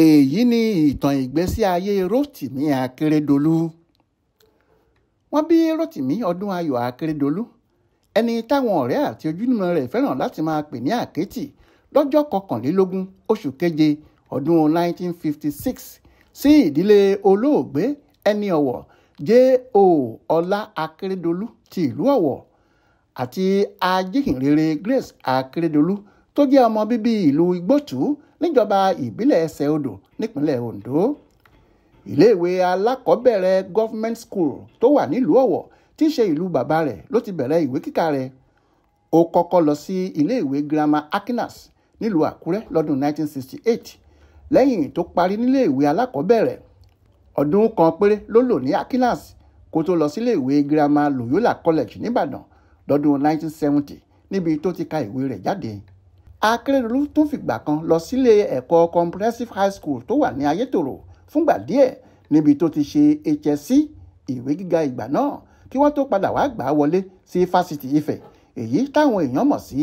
èyí ni ìtàn ìgbésí ayé rotimi akeredolu wọ́n bí rotimi ọdún ayọ̀ akeredolu ẹni táwọn ọ̀rẹ́ àti ojúlùmọ̀ rẹ̀ fẹ́ràn láti máa pè ní àkẹ́tì lọ́jọ́ kọkànlélógún oṣù keje ọdún 1956 sí ìdílé olóògbé ẹni ọ̀wọ̀ J.O. ọlá akeredolu ti ìlú ọ̀wọ̀ àti ajíhìnrere Grace akeredolu tó jẹ́ ọmọ bíbí ìlú igbótú níjọba ìbílẹ̀ ẹsẹ̀ odò nípínlẹ̀ Ondo iléèwé alákọ̀ọ́bẹ̀rẹ̀ government school tó wà nílùú Ọ̀wọ̀ tí í ṣe ìlú bàbá rẹ̀ ló ti bẹ̀rẹ̀ ìwé kíkà rẹ̀ ó kọ́kọ́ lọ sí iléèwé girama Akinas nílùú Àkúrẹ́ lọ́dún 1968 lẹ́yìn tó parí níléèwé alákọ̀ọ́bẹ̀rẹ̀ ọdún kan péré ló lò ní Akinas kó tó lọ síléèwé girama Loyola College níbàdàn lọ́dún 1970 níbi tó ti ka ìwé rẹ̀ jáde akérèdọ́lù tún fìgbà kan lọ sílé ẹ̀kọ́ comprehensive high school tó wà ní ayétòrò fúngbà díẹ̀ níbi tó ti ṣe hsc ìwé gíga ìgbà náà kí wọ́n tó padà wá gbà á wọlé sí fásitì ifẹ̀ èyí táwọn èèyàn mọ̀ sí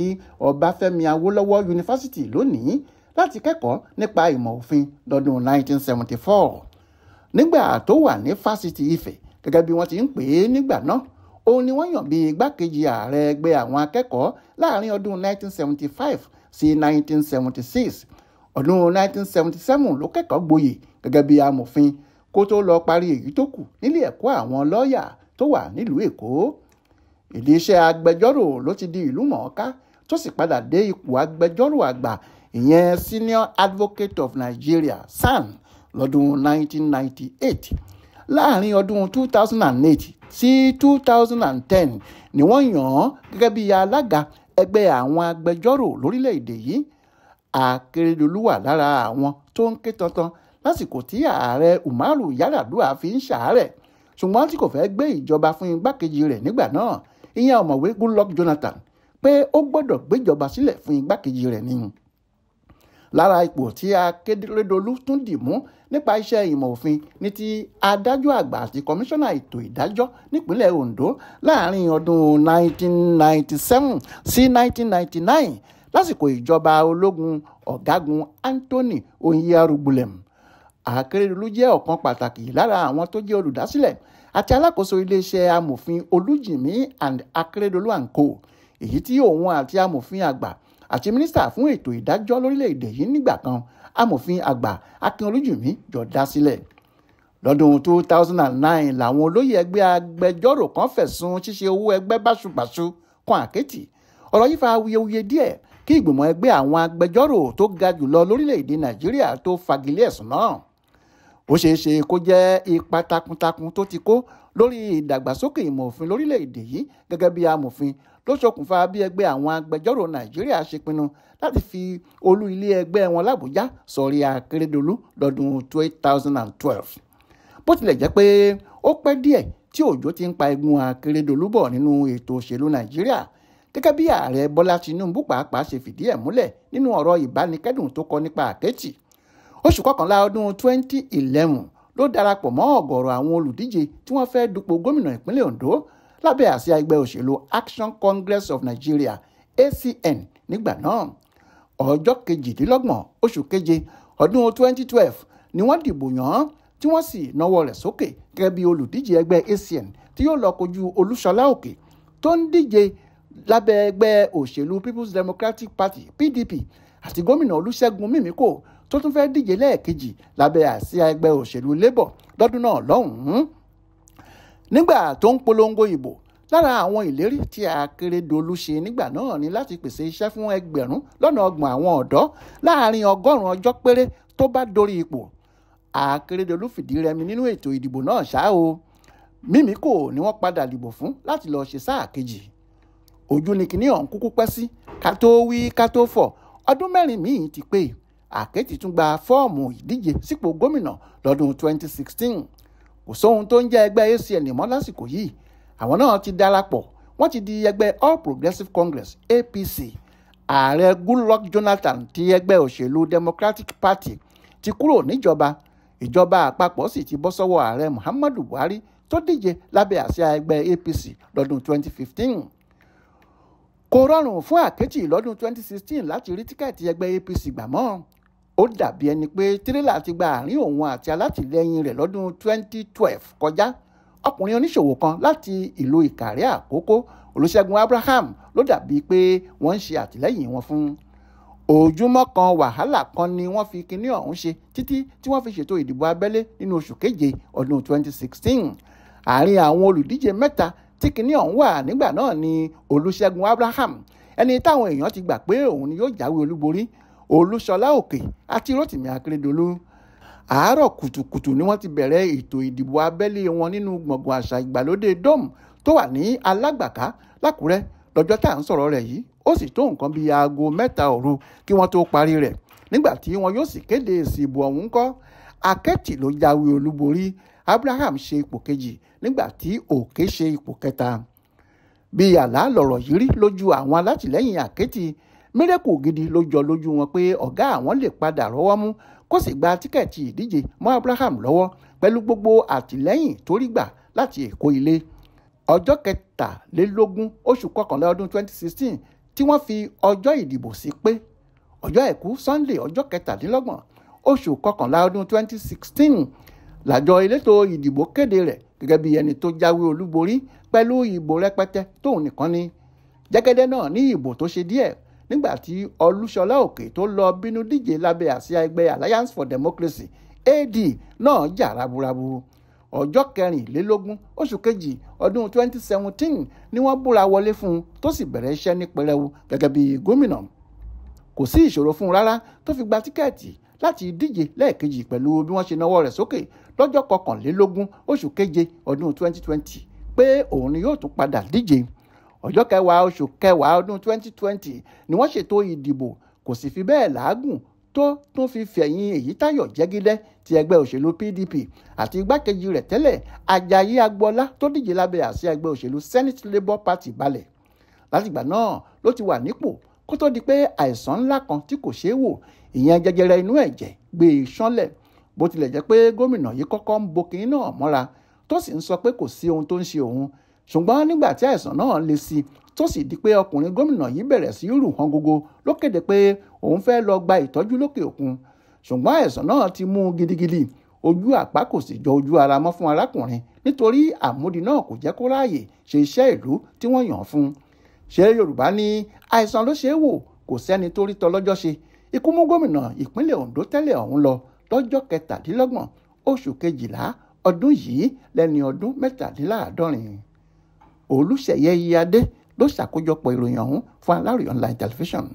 ọbáfẹ́mi awólọ́wọ̀ yunifásitì lónìí láti kẹ́kọ̀ọ́ nípa ìmọ̀ òfin lọ́dún 1974 nígbà tó wà ní fásitì ifẹ̀ gẹ́gẹ́ bí wọ́n ti ń pè é nígbà náà òun ni wọ́n yàn bí igbákejì ààrẹ ẹgbẹ́ àwọn akẹ́kọ̀ọ́ láàrin ọdún 1975 sí 1976 ọdún 1977 ló kẹ́kọ̀ọ́ gboyè gẹ́gẹ́ bí amòfin kó tó lọ parí èyí tó kù nílé ẹ̀kọ́ àwọn lọ́ọ̀yà tó wà nílùú èkó ìdí agbẹjọ́rò ló ti di ìlú mọ̀ọ́ká tó sì padà dé ipò agbẹjọ́rò àgbà ìyẹn senior advocate of nigeria san lọ́dún 1998 láàrin ọdún 2008 sí 2010 ni wọ́n yàn án gẹ́gẹ́ bí alága ẹgbẹ́ àwọn agbẹjọ́rò lórílẹ̀‐èdè yìí Akérédolú wà lára àwọn tó ń ké tantan lásìkò tí ààrẹ Umaru Yar'Adua fi ń ṣàárẹ̀ ṣùgbọ́n tí kò fẹ́ gbé ìjọba fún igbákejì rẹ̀ nígbà náà ìyẹn ọ̀mọ̀wé Goodluck Jonathan pé ó gbọ́dọ̀ gbéjọba sílẹ̀ fún igbákejì rẹ̀ nìyẹn lára ipò tí Akérédolú tún dì mú nípa iṣẹ́ ìmọ̀ òfin ní ti adájọ́ àgbà àti kọmíṣánná ètò ìdájọ́ nípínlẹ̀ Ondo láàrin ọdún 1997 sí 1999 lásìkò ìjọba ológun ọ̀gágun Anthony Onyerugbulem Akérédolú jẹ́ ọ̀kan pàtàkì lára àwọn tó jẹ́ olùdásílẹ̀ àti alákòóso iléeṣẹ́ amòfin Olújìmí and Akérédolú and co èyí tí òun àti amòfin àgbà àti mínísítà fún ètò ìdájọ́ lórílẹ̀‐èdè yìí nígbà kan amòfin àgbà akin olújùmí jọ dá sílẹ̀ lọ́dún 2009 thousand and nine làwọn olóyè ẹgbẹ́ agbẹjọ́rò kan fẹ̀sùn ṣíṣe owó ẹgbẹ́ báṣubàṣu kan àkẹ́tì ọ̀rọ̀ yìí fa awuyewuye díẹ̀ kí ìgbìmọ̀ ẹgbẹ́ àwọn agbẹjọ́rò tó ga jùlọ lórílẹ̀‐èdè nàìjíríà tó fagilé ẹ̀sùn náà ó ṣeé ṣe kó jẹ́ ipa takuntakun tó ti kó lórí ìdàgbàsókè ìmọ̀ òfin lórílẹ̀‐èdè yìí gẹ́gẹ́ bí amòfin ló ṣokùnfà bí ẹgbẹ́ àwọn agbẹjọ́rò nàìjíríà ṣe pinnu láti fi olú ilé ẹgbẹ́ wọn làbújá sọ̀rí akérèdọ́lù lọ́dún 2012 bó tilẹ̀ jẹ́ pé ó pẹ́ díẹ̀ tí òjò ti ń pa igun akérèdọ́lù bọ̀ nínú ètò òṣèlú nàìjíríà gẹ́gẹ́ bí ààrẹ bọ́lá tinubu pàápàá ṣe fìdí ẹ̀ múlẹ̀ nínú ọ̀rọ̀ ìbánikẹ́dùn tó kọ nípa àkẹ́tì oṣù kọkànlá ọdún 2011 ló darapọ̀ mọ́ ọ̀gọ̀ọ̀rọ̀ àwọn olùdíje tí wọ́n fẹ́ dupò gómìnà ìpínlẹ̀ ondo lábẹ́ àsíá ẹgbẹ́ òṣèlú Action Congress of Nigeria ACN nígbà náà ọjọ́ kejìdínlọ́gbọ̀n oṣù keje ọdún 2012 ni wọ́n dìbò yàn án tí wọ́n sì nawọ́ rẹ̀ sókè gẹ́gẹ́ bí olùdíje ẹgbẹ́ ACN tí yóò lọ kojú Olúṣọlá Òkè tó ń díje lábẹ́ ẹgbẹ́ òṣèlú People's Democratic Party PDP àti gómìnà Olúṣẹ́gun Mímíkò tó tún fẹ́ díje lẹ́ẹ̀kejì lábẹ́ àsíá ẹgbẹ́ òṣèlú Labour lọ́dún náà lọ́hùn-ún nígbà tó ń polongo ìbò lára àwọn ìlérí tí akérèdọ́lù ṣe nígbà náà ni láti pèsè iṣẹ́ fún ẹgbẹ̀rún lọ́nà ọgbọ̀n àwọn ọ̀dọ́ láàrin ọgọ́rùn-ún ọjọ́ péré tó bá dorí ipò akérèdọ́lù fìdí rẹmi nínú ètò ìdìbò náà ṣá o mímíkò ni wọ́n padà dìbò fún láti lọ́ọ́ ṣe sáà kejì ojú ni kinní ọ̀hún kúkú pẹ́ sí ká tó wí ká tó fọ̀ ọdún mẹ́rin míì ti pé àkẹ́tì tún gba fọ́ọ̀mù ìdíje sípò gómìnà lọ́dún 2016 kò sóhun tó ń jẹ́ ẹgbẹ́ ACN mọ́ lásìkò yìí àwọn náà ti darapọ̀ wọ́n ti di ẹgbẹ́ All Progressives Congress APC ààrẹ Goodluck Jonathan ti ẹgbẹ́ òṣèlú Democratic Party ti kúrò níjọba ìjọba àpapọ̀ sì ti bọ́ sọ́wọ́ ààrẹ Muhammadu Buhari tó díje lábẹ́ àsíá ẹgbẹ́ APC lọ́dún 2015 kò rọrùn fún Àkẹ́tì lọ́dún 2016 láti rí tíkẹ́ẹ̀tì ẹgbẹ́ APC gbà mọ́ ó dàbí ẹni pé tírélà ti gba àárín òun àti alátìlẹyìn rẹ̀ lọ́dún 2012 kọjá ọkùnrin oníṣòwò kan láti ìlú ìkàrẹ́ àkókò olùṣègùn abraham ló dàbí pé wọ́n ń ṣe àtìlẹ́yìn wọn fún un òjúmọ́ kan wàhálà kan ni wọ́n fi kinní ọ̀hún ṣe títí tí wọ́n fi ṣètò ìdìbò abẹ́lé nínú oṣù keje ọdún 2016 àárín àwọn olùdíje mẹ́ta tí kinní ọ̀hún wà nígbà náà ni olùṣègùn abraham ẹni táwọn èèyàn ti gbà pé òun ni yóò jáwé olúborí olúṣọlá òkè àti rotimi akérèdọ́lù àárọ̀ kùtùkùtù ni wọ́n ti bẹ̀rẹ̀ ètò ìdìbò abẹ́lé wọn nínú gbọ̀ngàn àṣà ìgbàlódé dome tó wà ní alágbàká lákùrẹ́ lọ́jọ́ tá à ń sọ̀rọ̀ rẹ̀ yìí ó sì tó nǹkan bíi aago mẹ́ta òru kí wọ́n tó parí rẹ̀ nígbà tí wọn yóò sì kéde èsì ìbò ọ̀hún kọ́ akẹ́tì ló jáwé olúborí abraham ṣe ipò kejì nígbà tí òkè ṣe ipò kẹta bí àlá lọ̀rọ̀ yìí rí lójú àwọn alátìlẹ́yìn àkẹ́tì mírèkù gidi ló jọ lójú wọn pé ọ̀gá àwọn lè padà rọ́wọ́ mú kó sì gba tíkẹ́ẹ̀tì ìdíje mọ́ Abraham lọ́wọ́ pẹ̀lú gbogbo àtìlẹ́yìn tó rí gbà láti Èkó ilé ọjọ́ kẹtàlélógún oṣù kọkànlá ọdún 2016 tí wọ́n fi ọjọ́ ìdìbò sí pé ọjọ́ àìkú Sunday ọjọ́ kẹtàdínlọ́gbọ̀n oṣù kọkànlá ọdún 2016 làjọ elétò ìdìbò kéde rẹ̀ gẹ́gẹ́ bí ẹni tó jáwé olúborí pẹ̀lú ìbò rẹpẹtẹ tóun nìkan ni jẹ́gẹ́dẹ́ náà ní ìbò tó ṣe díẹ̀ nígbà tí Olúṣọlá Òkè tó lọ bínú díje lábẹ́ àsíá ẹgbẹ́ Alliance for Democracy AD náà jà raburabu ọjọ́ kẹrìnlélógún oṣù kejì ọdún 2017 ni wọ́n búra wọlé fún un tó sì bẹ̀rẹ̀ iṣẹ́ ní pẹrẹwu gẹ́gẹ́ bí gómìnà kò sí ìṣòro fún un rárá tó fi gba tíkẹ́ẹ̀tì láti díje lẹ́ẹ̀kejì pẹ̀lú bí wọ́n ṣe nawọ́ rẹ̀ sókè lọ́jọ́ kọkànlélógún oṣù keje ọdún 2020 pé òun ni yóò tún padà díje ọjọ́ kẹwàá oṣù kẹwàá ọdún 2020 ni wọ́n ṣètò ìdìbò kò sì fi bẹ́ẹ̀ làágùn tó tún fi fẹ̀yìn Èyítáyọ̀ Jẹ́gídẹ́ ti ẹgbẹ́ òṣèlú PDP àti igbákejì rẹ̀ tẹ́lẹ̀ Ajayi Agboola tó díje lábẹ́ àsíá ẹgbẹ́ òṣèlú Senate Labour Party balẹ̀ látìgbà náà ló ti wà nípò kó tó di pé àìsàn ńlá kan tí kò ṣeé wò ìyẹn jẹjẹrẹ inú ẹ̀jẹ̀ gbé e ṣánlẹ̀ bó tilẹ̀ jẹ́ pé gómìnà yìí kọ́kọ́ ń bo kinní mọ́ra tó sì ń sọ pé kò sí ohun tó ń ṣe òun ṣùgbọ́n nígbà tí àìsàn náà le sí i tó sì di pé ọkùnrin gómìnà yìí bẹ̀rẹ̀ sí rù hàn gógó ló kéde pé òun fẹ́ lọ gba ìtọ́jú lókè òkun ṣùgbọ́n àìsàn náà ti mú un gidigidi ojú àpá kò sì jọ ojú ara mọ́ fún arákùnrin nítorí àmúdi náà kò jẹ́ kó ráàyè ṣe iṣẹ́ ìlú tí wọ́n yàn fún ṣé Yorùbá ní àìsàn ló ṣe wò kò sẹ́ni tó rí tọlọ́jọ́ ṣe ikú mú gómìnà ìpínlẹ̀ Ondo tẹ́lẹ̀ ọ̀hún lọ lọ́jọ́ kẹtàdínlọ́gbọ̀n oṣù kejìlá ọdún yìí lẹ́ni ọdún mẹ́tàdínláàádọ́rin olùṣeyẹ iyíadé ló ṣàkójọpọ̀ ìròyìn ọ̀hún fún aláròyìn online television.